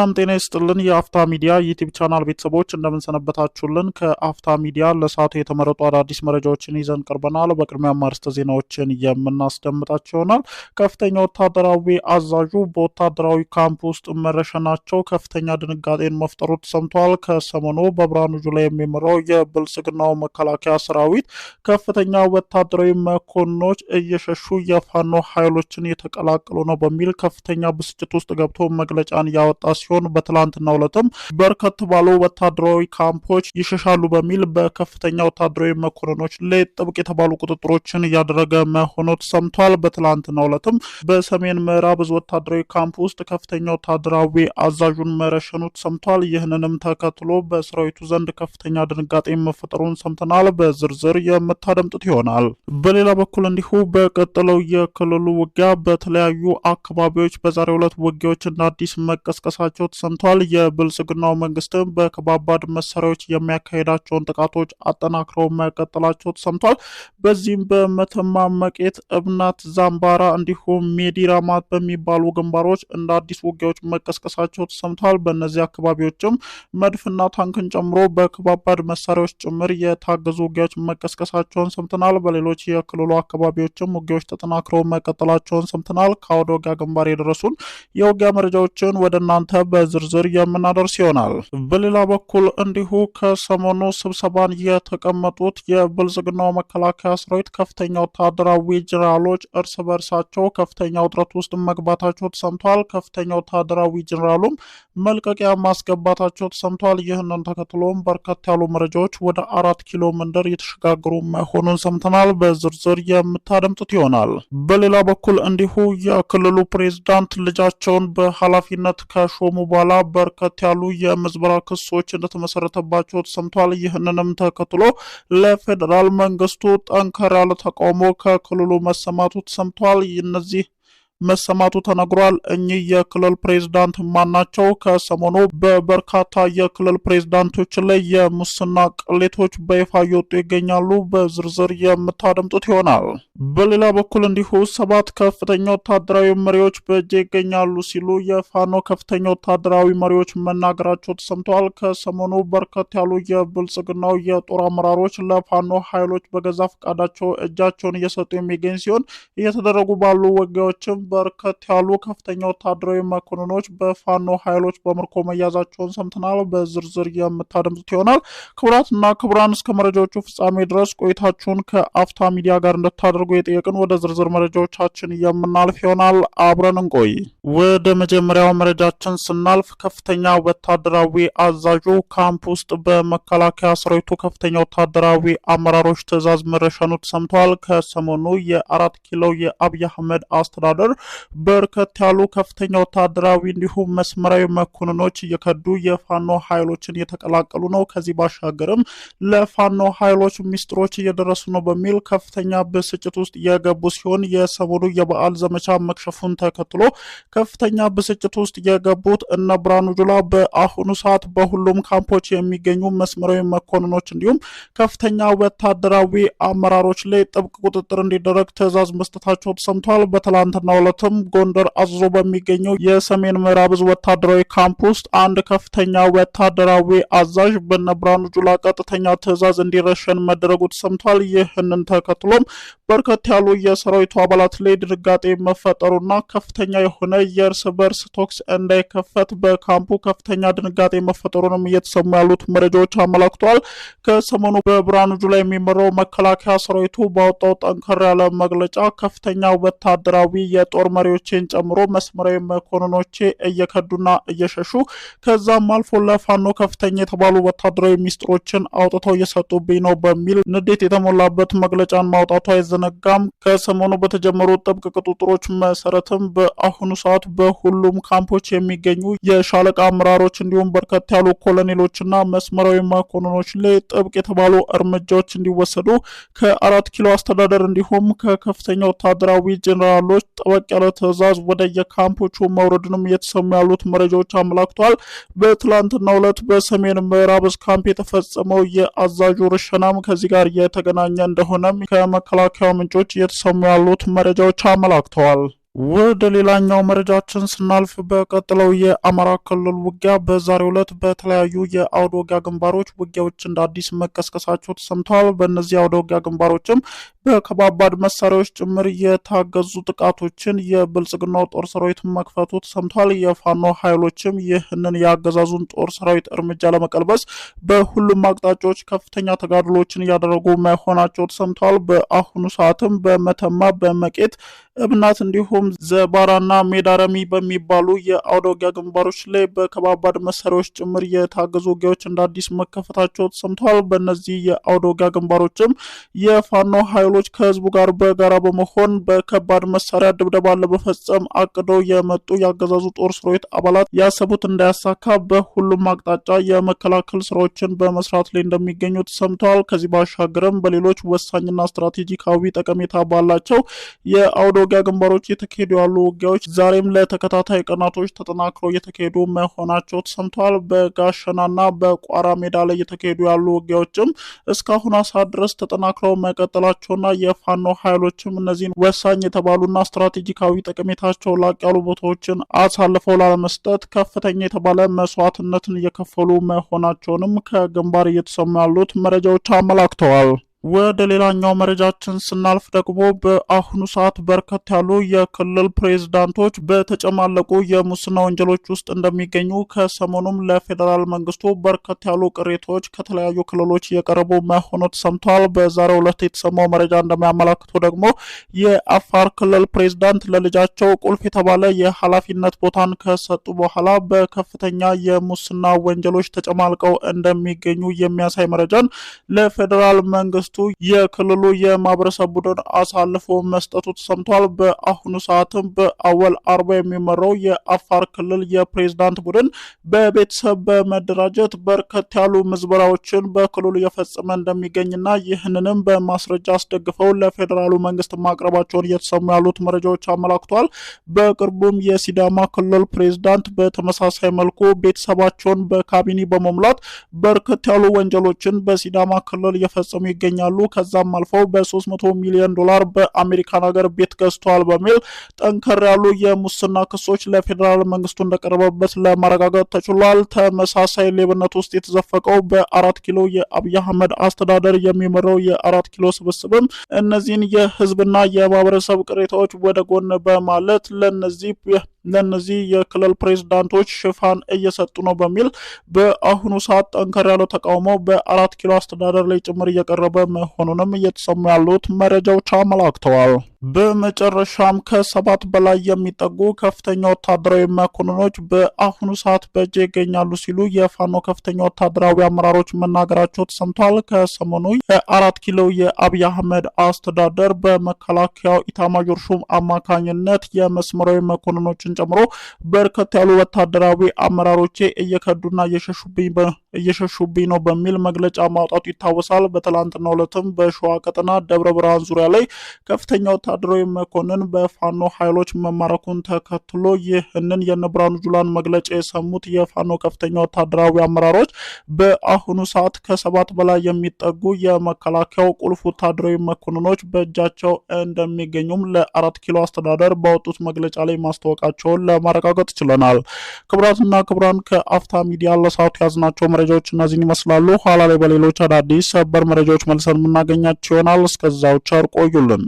ሰላም ጤና ይስጥልን የአፍታ ሚዲያ ዩቲብ ቻናል ቤተሰቦች እንደምንሰነበታችሁልን። ከአፍታ ሚዲያ ለሰዓቱ የተመረጡ አዳዲስ መረጃዎችን ይዘን ቀርበናል። በቅድሚያ ማርስተ ዜናዎችን የምናስደምጣቸው ይሆናል። ከፍተኛ ወታደራዊ አዛዡ በወታደራዊ ካምፕ ውስጥ መረሸናቸው ከፍተኛ ድንጋጤን መፍጠሩ ተሰምቷል። ከሰሞኑ በብርሃኑ ጁላ የሚመራው የብልጽግናው መከላከያ ሰራዊት ከፍተኛ ወታደራዊ መኮንኖች እየሸሹ የፋኖ ኃይሎችን የተቀላቀሉ ነው በሚል ከፍተኛ ብስጭት ውስጥ ገብቶ መግለጫን ያወጣ ሲሆን ሲሆን በትላንትና ሁለትም በርከት ባሉ ወታደራዊ ካምፖች ይሸሻሉ በሚል በከፍተኛ ወታደራዊ መኮንኖች ላይ ጥብቅ የተባሉ ቁጥጥሮችን እያደረገ መሆኑ ተሰምቷል። በትላንትና ሁለትም በሰሜን ምዕራብ እዝ ወታደራዊ ካምፕ ውስጥ ከፍተኛ ወታደራዊ አዛዡን መረሸኑ ተሰምቷል። ይህንንም ተከትሎ በሰራዊቱ ዘንድ ከፍተኛ ድንጋጤ መፈጠሩን ሰምተናል። በዝርዝር የምታደምጡት ይሆናል። በሌላ በኩል እንዲሁ በቀጠለው የክልሉ ውጊያ በተለያዩ አካባቢዎች በዛሬው ዕለት ውጊያዎች እንደ አዲስ መቀስቀሳቸው መሆናቸው ተሰምቷል። የብልጽግናው መንግስትም በከባባድ መሳሪያዎች የሚያካሄዳቸውን ጥቃቶች አጠናክረው መቀጠላቸው ተሰምቷል። በዚህም በመተማ መቄት፣ እብናት፣ ዛምባራ እንዲሁም ሜዲራማት በሚባሉ ግንባሮች እንደ አዲስ ውጊያዎች መቀስቀሳቸው ተሰምቷል። በእነዚህ አካባቢዎችም መድፍና ታንክን ጨምሮ በከባባድ መሳሪያዎች ጭምር የታገዙ ውጊያዎች መቀስቀሳቸውን ሰምተናል። በሌሎች የክልሉ አካባቢዎችም ውጊያዎች ተጠናክረው መቀጠላቸውን ሰምተናል። ከአውደ ውጊያ ግንባር የደረሱን የውጊያ መረጃዎችን ወደ እናንተ በዝርዝር የምናደርስ ይሆናል። በሌላ በኩል እንዲሁ ከሰሞኑ ስብሰባን የተቀመጡት የብልጽግናው መከላከያ ሰራዊት ከፍተኛ ወታደራዊ ጀኔራሎች እርስ በርሳቸው ከፍተኛ ውጥረት ውስጥ መግባታቸው ተሰምቷል። ከፍተኛ ወታደራዊ ጀኔራሉም መልቀቂያ ማስገባታቸው ተሰምቷል። ይህንን ተከትሎም በርከት ያሉ መረጃዎች ወደ አራት ኪሎ መንደር የተሸጋገሩ መሆኑን ሰምተናል። በዝርዝር የምታደምጡት ይሆናል። በሌላ በኩል እንዲሁ የክልሉ ፕሬዝዳንት ልጃቸውን በኃላፊነት ከሾ ከተቃወሙ በኋላ በርከት ያሉ የምዝበራ ክሶች እንደተመሰረተባቸው ተሰምቷል። ይህንንም ተከትሎ ለፌዴራል መንግስቱ ጠንከር ያለ ተቃውሞ ከክልሉ መሰማቱ ተሰምቷል። እነዚህ መሰማቱ ተነግሯል። እኚህ የክልል ፕሬዝዳንት ማናቸው? ከሰሞኑ በበርካታ የክልል ፕሬዝዳንቶች ላይ የሙስና ቅሌቶች በይፋ እየወጡ ይገኛሉ። በዝርዝር የምታደምጡት ይሆናል። በሌላ በኩል እንዲሁ ሰባት ከፍተኛ ወታደራዊ መሪዎች በእጅ ይገኛሉ ሲሉ የፋኖ ከፍተኛ ወታደራዊ መሪዎች መናገራቸው ተሰምተዋል። ከሰሞኑ በርከት ያሉ የብልጽግናው የጦር አመራሮች ለፋኖ ኃይሎች በገዛ ፈቃዳቸው እጃቸውን እየሰጡ የሚገኝ ሲሆን እየተደረጉ ባሉ ወጊያዎችም በርከት ያሉ ከፍተኛ ወታደራዊ መኮንኖች በፋኖ ኃይሎች በምርኮ መያዛቸውን ሰምተናል። በዝርዝር የምታደምጡት ይሆናል። ክቡራትና ክቡራን እስከ መረጃዎቹ ፍጻሜ ድረስ ቆይታችሁን ከአፍታ ሚዲያ ጋር እንድታደርጉ የጠየቅን ወደ ዝርዝር መረጃዎቻችን የምናልፍ ይሆናል። አብረን እንቆይ። ወደ መጀመሪያው መረጃችን ስናልፍ ከፍተኛ ወታደራዊ አዛዡ ካምፕ ውስጥ በመከላከያ ሰራዊቱ ከፍተኛ ወታደራዊ አመራሮች ትዕዛዝ መረሸኑት ሰምተዋል ከሰሞኑ የአራት ኪሎ የአብይ አህመድ አስተዳደር በርከት ያሉ ከፍተኛ ወታደራዊ እንዲሁም መስመራዊ መኮንኖች እየከዱ የፋኖ ኃይሎችን እየተቀላቀሉ ነው። ከዚህ ባሻገርም ለፋኖ ኃይሎች ሚስጥሮች እየደረሱ ነው በሚል ከፍተኛ ብስጭት ውስጥ የገቡ ሲሆን የሰሞኑ የበዓል ዘመቻ መክሸፉን ተከትሎ ከፍተኛ ብስጭት ውስጥ የገቡት እነ ብርሃኑ ጁላ በአሁኑ ሰዓት በሁሉም ካምፖች የሚገኙ መስመራዊ መኮንኖች እንዲሁም ከፍተኛ ወታደራዊ አመራሮች ላይ ጥብቅ ቁጥጥር እንዲደረግ ትዕዛዝ መስጠታቸው ተሰምተዋል። በትላንትና በማምረትም ጎንደር አዘዞ በሚገኘው የሰሜን ምዕራብ እዝ ወታደራዊ ካምፕ ውስጥ አንድ ከፍተኛ ወታደራዊ አዛዥ በነ ጁላ ቀጥተኛ ትዕዛዝ እንዲረሸን መደረጉ ተሰምቷል። ይህንን ተከትሎም በርከት ያሉ የሰራዊቱ አባላት ላይ ድንጋጤ መፈጠሩና ከፍተኛ የሆነ የእርስ በርስ ቶክስ እንዳይከፈት በካምፑ ከፍተኛ ድንጋጤ መፈጠሩንም እየተሰሙ ያሉት መረጃዎች አመላክቷል። ከሰሞኑ በብርሃኑ ጁላ የሚመራው መከላከያ ሰራዊቱ ባወጣው ጠንከር ያለ መግለጫ ከፍተኛ ወታደራዊ የጦር የጦር መሪዎቼን ጨምሮ መስመራዊ መኮንኖቼ እየከዱና እየሸሹ ከዛም አልፎ ለፋኖ ከፍተኛ የተባሉ ወታደራዊ ሚስጥሮችን አውጥተው እየሰጡብኝ ነው በሚል ንዴት የተሞላበት መግለጫን ማውጣቱ አይዘነጋም። ከሰሞኑ በተጀመሩ ጥብቅ ቁጥጥሮች መሰረትም በአሁኑ ሰዓት በሁሉም ካምፖች የሚገኙ የሻለቃ አመራሮች እንዲሁም በርከት ያሉ ኮሎኔሎችና መስመራዊ መኮንኖች ላይ ጥብቅ የተባሉ እርምጃዎች እንዲወሰዱ ከአራት ኪሎ አስተዳደር እንዲሁም ከከፍተኛ ወታደራዊ ጀኔራሎች ጠበቅ ያለ ትዕዛዝ ወደ የካምፖቹ መውረድንም እየተሰሙ ያሉት መረጃዎች አመላክቷል። በትላንትናው ዕለት በሰሜን ምዕራብ እዝ ካምፕ የተፈጸመው የአዛዡ ርሸናም ከዚህ ጋር የተገናኘ እንደሆነም ከመከላከያ ምንጮች እየተሰሙ ያሉት መረጃዎች አመላክተዋል። ወደ ሌላኛው መረጃችን ስናልፍ በቀጥለው የአማራ ክልል ውጊያ በዛሬው ዕለት በተለያዩ የአውደ ውጊያ ግንባሮች ውጊያዎች እንደ አዲስ መቀስቀሳቸው ተሰምተዋል። በእነዚህ አውደ ውጊያ ግንባሮችም በከባባድ መሳሪያዎች ጭምር የታገዙ ጥቃቶችን የብልጽግናው ጦር ሰራዊት መክፈቱ ተሰምተዋል። የፋኖ ኃይሎችም ይህንን የአገዛዙን ጦር ሰራዊት እርምጃ ለመቀልበስ በሁሉም አቅጣጫዎች ከፍተኛ ተጋድሎችን እያደረጉ መሆናቸው ተሰምተዋል። በአሁኑ ሰዓትም በመተማ በመቄት እብናት እንዲሁ እንዲሁም ዘባራና ሜዳረሚ በሚባሉ የአውደ ግንባሮች ላይ በከባባድ መሳሪያዎች ጭምር የታገዙ ውጊያዎች እንደ አዲስ መከፈታቸው ተሰምተዋል። በእነዚህ የአውደ ግንባሮችም የፋኖ ኃይሎች ከህዝቡ ጋር በጋራ በመሆን በከባድ መሳሪያ ድብደባ ለመፈጸም አቅደው የመጡ የአገዛዙ ጦር ሰራዊት አባላት ያሰቡት እንዳያሳካ በሁሉም አቅጣጫ የመከላከል ስራዎችን በመስራት ላይ እንደሚገኙ ተሰምተዋል። ከዚህ ባሻገርም በሌሎች ወሳኝና ስትራቴጂካዊ ጠቀሜታ ባላቸው የአውደ ግንባሮች የተ እየተካሄዱ ያሉ ውጊያዎች ዛሬም ለተከታታይ ቀናቶች ተጠናክረው እየተካሄዱ መሆናቸው ተሰምተዋል። በጋሸናና በቋራ ሜዳ ላይ እየተካሄዱ ያሉ ውጊያዎችም እስካሁን አሳ ድረስ ተጠናክረው መቀጠላቸውና የፋኖ ኃይሎችም እነዚህን ወሳኝ የተባሉና ስትራቴጂካዊ ጠቀሜታቸው ላቅ ያሉ ቦታዎችን አሳልፈው ላለመስጠት ከፍተኛ የተባለ መስዋዕትነትን እየከፈሉ መሆናቸውንም ከግንባር እየተሰሙ ያሉት መረጃዎች አመላክተዋል። ወደ ሌላኛው መረጃችን ስናልፍ ደግሞ በአሁኑ ሰዓት በርከት ያሉ የክልል ፕሬዝዳንቶች በተጨማለቁ የሙስና ወንጀሎች ውስጥ እንደሚገኙ ከሰሞኑም ለፌዴራል መንግስቱ በርከት ያሉ ቅሬታዎች ከተለያዩ ክልሎች እየቀረቡ መሆኑ ተሰምተዋል። በዛሬው ዕለት የተሰማው መረጃ እንደሚያመላክቱ ደግሞ የአፋር ክልል ፕሬዝዳንት ለልጃቸው ቁልፍ የተባለ የኃላፊነት ቦታን ከሰጡ በኋላ በከፍተኛ የሙስና ወንጀሎች ተጨማልቀው እንደሚገኙ የሚያሳይ መረጃን ለፌዴራል መንግስት መንግስቱ የክልሉ የማህበረሰብ ቡድን አሳልፎ መስጠቱ ተሰምቷል። በአሁኑ ሰዓትም በአወል አርባ የሚመራው የአፋር ክልል የፕሬዝዳንት ቡድን በቤተሰብ በመደራጀት በርከት ያሉ ምዝበራዎችን በክልሉ እየፈጸመ እንደሚገኝና ይህንንም በማስረጃ አስደግፈው ለፌዴራሉ መንግስት ማቅረባቸውን እየተሰሙ ያሉት መረጃዎች አመላክቷል። በቅርቡም የሲዳማ ክልል ፕሬዝዳንት በተመሳሳይ መልኩ ቤተሰባቸውን በካቢኒ በመሙላት በርከት ያሉ ወንጀሎችን በሲዳማ ክልል እየፈጸሙ ይገኛል ይገኛሉ። ከዛም አልፈው በ300 ሚሊዮን ዶላር በአሜሪካን ሀገር ቤት ገዝተዋል በሚል ጠንከር ያሉ የሙስና ክሶች ለፌዴራል መንግስቱ እንደቀረበበት ለማረጋገጥ ተችሏል። ተመሳሳይ ሌብነት ውስጥ የተዘፈቀው በአራት ኪሎ የአብይ አህመድ አስተዳደር የሚመራው የአራት ኪሎ ስብስብም እነዚህን የህዝብና የማህበረሰብ ቅሬታዎች ወደ ጎን በማለት ለነዚህ ለእነዚህ የክልል ፕሬዝዳንቶች ሽፋን እየሰጡ ነው በሚል በአሁኑ ሰዓት ጠንከር ያለው ተቃውሞ በአራት ኪሎ አስተዳደር ላይ ጭምር እየቀረበ መሆኑንም እየተሰሙ ያሉት መረጃዎች አመላክተዋል። በመጨረሻም ከሰባት በላይ የሚጠጉ ከፍተኛ ወታደራዊ መኮንኖች በአሁኑ ሰዓት በእጅ ይገኛሉ ሲሉ የፋኖ ከፍተኛ ወታደራዊ አመራሮች መናገራቸው ተሰምቷል። ከሰሞኑ የአራት ኪሎ የአብይ አህመድ አስተዳደር በመከላከያው ኢታማዦር ሹም አማካኝነት የመስመራዊ መኮንኖች ሰዎችን ጨምሮ በርከት ያሉ ወታደራዊ አመራሮቼ እየከዱና እየሸሹብኝ ነው በሚል መግለጫ ማውጣቱ ይታወሳል። በትላንትናው ዕለትም በሸዋ ቀጠና ደብረ ብርሃን ዙሪያ ላይ ከፍተኛ ወታደራዊ መኮንን በፋኖ ኃይሎች መማረኩን ተከትሎ ይህንን የነብርሃኑ ጁላን መግለጫ የሰሙት የፋኖ ከፍተኛ ወታደራዊ አመራሮች በአሁኑ ሰዓት ከሰባት በላይ የሚጠጉ የመከላከያው ቁልፍ ወታደራዊ መኮንኖች በእጃቸው እንደሚገኙም ለአራት ኪሎ አስተዳደር ባወጡት መግለጫ ላይ ማስታወቃቸው መሆናቸውን ለማረጋገጥ ችለናል። ክቡራትና ክቡራን ከአፍታ ሚዲያ ለሰዓቱ ያዝናቸው መረጃዎች እነዚህን ይመስላሉ። ኋላ ላይ በሌሎች አዳዲስ ሰበር መረጃዎች መልሰን የምናገኛቸው ይሆናል። እስከዛው ቸር ቆዩልን።